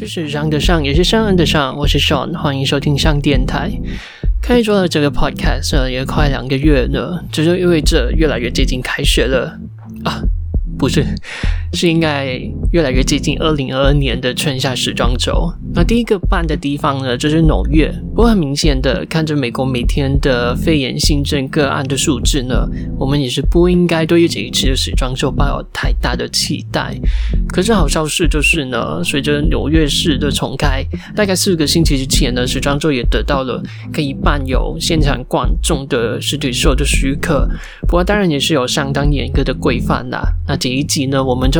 就是上得上，也是上的上。我是 Sean，歡迎收聽上電台。開播了這個 podcast 也快兩個月了，就是、因為這就意味着越來越接近開學了啊，不是？是應該越來越接近二零二二年的春夏時裝週。那第一個辦的地方呢，就是紐約。不過，很明顯的，看着美國每天的肺炎新增個案的數字呢，我們也是不應該對於這一次的時裝週抱有太大的期待。可是，好消息就是呢，隨着紐約市的重開，大概四個星期之前呢，時裝週也得到了可以辦有現場觀眾的實體秀的許可。不過，當然也是有相當嚴格的規範啦，那這一集呢，我們就。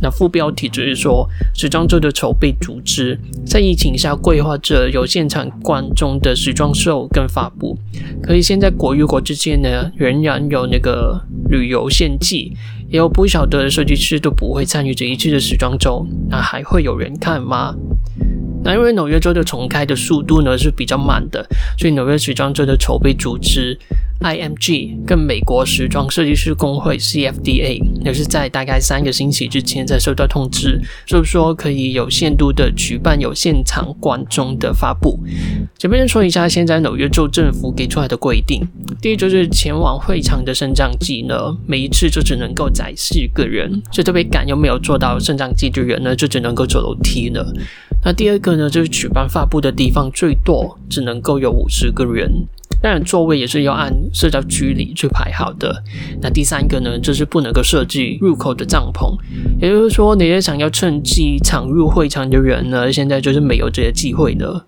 那副標題就是說，時裝周的籌備組織在疫情下規劃着有現場觀眾的時裝秀跟發佈。可是現在國與國之間呢，仍然有那個旅遊限制，也有不少的設計師都不會參與這一次的時裝周。那還會有人看嗎？那因為紐約州的重開的速度呢，是比較慢的，所以紐約時裝周的籌備組織，IMG 跟美國時裝設計師工會 CFDA 也是在大概三個星期之前才收到通知，就是說可以有限度的舉辦有現場觀眾的發佈。前面說一下，現在紐約州政府給出來的規定：第一，就是前往會場的升降機呢，每一次就只能夠載四個人；就特別趕又沒有坐到升降機的人呢，就只能夠走樓梯了。那第二個呢，就是舉辦發佈的地方最多只能夠有五十個人。當然，座位也是要按社交距離去排好的。那第三個呢，就是不能夠設計入口的帳篷。也就是說，那些想要趁機場入會場的人呢，現在就是沒有這些機會的。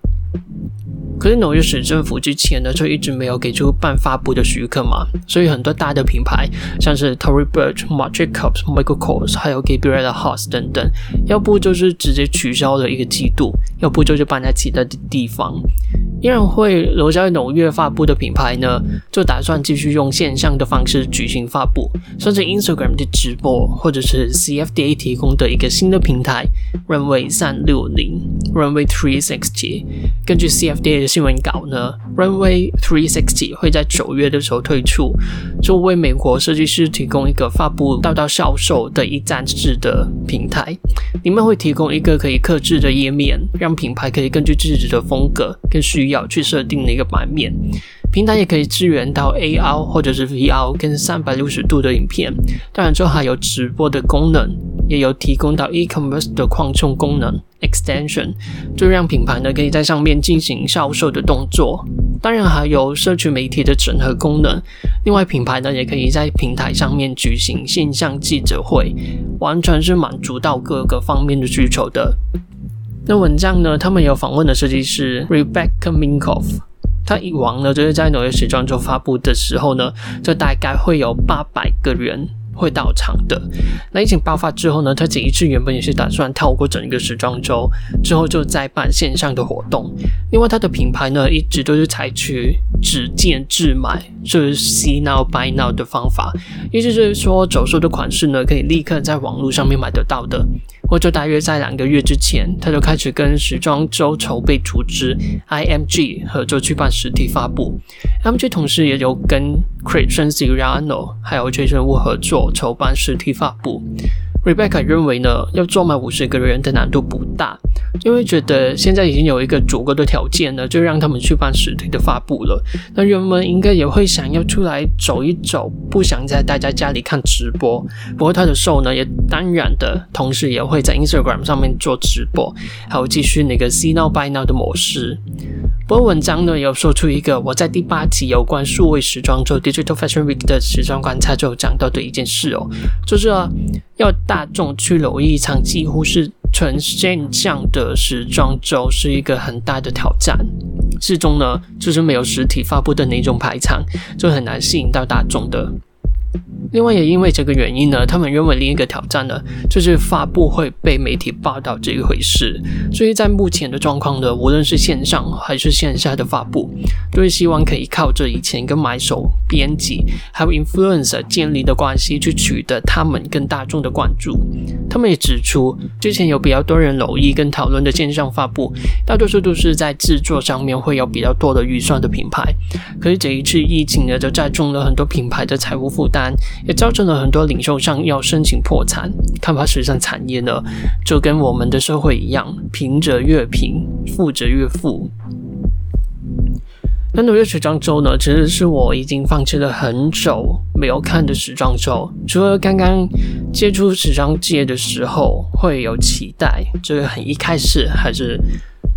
可是紐約市政府之前呢，就一直沒有給出辦發布的許可嘛，所以很多大的品牌，像是 Tory b i r c h Marc j c o b s Michael Kors，還有 g a b r i e l a Haus 等等，要不就是直接取消了一個季度，要不就就辦在其他的地方。依然會留在紐約發布的品牌呢，就打算繼續用線上的方式舉行發布，甚至 Instagram 的直播，或者是 CFDA 提供的一個新的平台 Runway 三六零 Runway Three Sixty。根據 CFDA 的新聞稿呢，Runway Three Sixty 會在九月的時候推出，就為美國設計師提供一個發布到到銷售的一站式的平台。你們會提供一個可以客製的頁面，讓品牌可以根據自己的風格跟需。要去設定的一個版面，平台也可以支援到 AR 或者是 VR 跟三百六十度的影片。當然，這還有直播的功能，也有提供到 eCommerce 的擴充功能 Extension，就讓品牌呢可以在上面進行銷售的動作。當然，還有社群媒體的整合功能。另外，品牌呢也可以在平台上面舉行線上記者會，完全是滿足到各個方面的需求的。那文章呢，他們有訪問的設計師 Rebecca Minkoff，他以往呢就是在紐約時裝週發布的時候呢，就大概會有八百個人會到場的。那疫情爆發之後呢，他這一次原本也是打算跳過整個時裝週，之後就再辦線上的活動。另外，他的品牌呢一直都是採取即見即買，就是 see now buy now 的方法，意思就是說走秀的款式呢可以立刻在網絡上面買得到的。或者大約在兩個月之前，他就開始跟時裝周籌備組織 IMG 合作去辦實體發布。IMG 同時也有跟 Christian Siriano 還有 Jason Wu 合作籌辦實體發布。Rebecca 認為呢，要做滿五十個人的難度不大。因為覺得現在已經有一個足夠的條件呢，就讓他們去辦實體的發布了。那人們應該也會想要出來走一走，不想再待在大家，家裡看直播。不過他的 show 呢，也當然的，同時也會在 Instagram 上面做直播，還有繼續那個 See Now Buy Now 的模式。不過文章呢，也有說出一個我在第八集有關數位時裝週 Digital Fashion Week 的時裝觀察，就有講到的一件事哦，就是、啊、要大眾去留意一場幾乎是。純線上的時裝週是一個很大的挑戰，始終呢，就是沒有實體發布的那種排場，就很難吸引到大眾的。另外，也因為這個原因呢，他們認為另一個挑戰呢，就是發布會被媒體報道這一回事。所以，在目前的狀況呢，無論是線上還是線下的發布，都是希望可以靠着以前跟買手、編輯還有 influencer 建立的關係，去取得他們跟大眾的關注。他們也指出，之前有比較多人留意跟討論的線上發布，大多數都是在制作上面會有比較多的預算的品牌。可是這一次疫情呢，就加重了很多品牌的財務負擔。也造成了很多零售商要申請破產。看法時尚產業呢，就跟我們的社會一樣，貧者越貧，富者越富。那紐約時裝週呢，其實是我已經放棄了很久沒有看的時裝週，除了剛剛接觸時裝界的時候會有期待，就很一開始還是。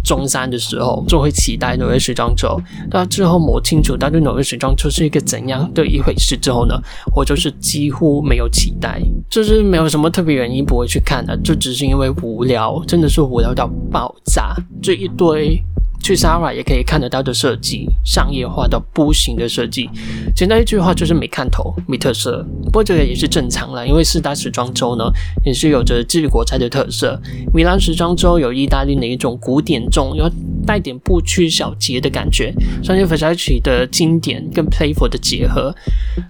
中三的時候，就會期待紐約時裝週，但之後摸清楚，到底紐約時裝週是一個怎樣的一回事之後呢，我就是幾乎沒有期待，就是沒有什麼特別原因不會去看的。啊，就只是因為無聊，真的是無聊到爆炸這一堆，去 Sara 也可以看得到的設計，商業化到不行的設計。簡單一句話就是沒看頭，沒特色。不過這個也是正常啦，因為四大時裝周呢也是有着自己國家的特色。米蘭時裝周有意大利的一種古典中，有帶點不拘小節的感覺，像是 VERSACE 的經典跟 PLAYFUL 的結合。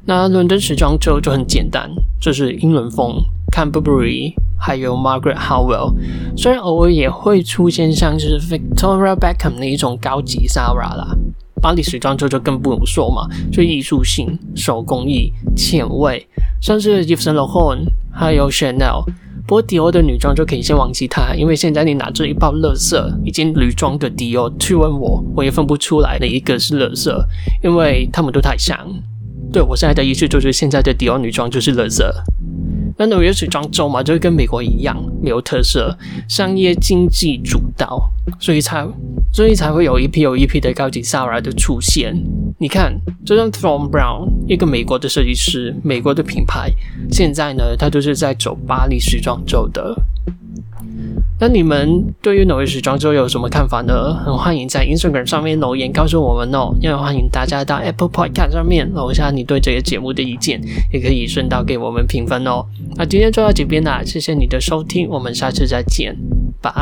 那倫敦時裝周就很簡單，就是英倫風，看 BURBERRY 還有 Margaret Howell，雖然偶爾也會出現像就是 Victoria Beckham 那一種高級 Sarah 啦，巴黎時裝周就更不用說嘛，就藝術性、手工藝、前衛，像是 g i f e n c h n 還有 Chanel，不過迪 i 的女裝就可以先忘記它，因為現在你拿着一包樂色、已經女裝的迪 i 去問我，我也分不出來，的一個是樂色，因為他們都太像。對我現在的意思就是，現在的迪 i 女裝就是樂色。但紐約時裝週嘛，就跟美國一樣沒有特色，商業經濟主導，所以才，所以才會有一批又一批的高級 r a 的出現。你看，就像 Thom b r o w n 一個美國的設計師，美國的品牌，現在呢，他就是在走巴黎時裝週的。那你們對於紐約時裝週有什麼看法呢？很歡迎在 Instagram 上面留言告訴我們哦，也歡迎大家到 Apple Podcast 上面留下你對這個節目的意見，也可以順道給我們評分哦。那今天就到這邊啦，謝謝你的收聽，我們下次再見，拜。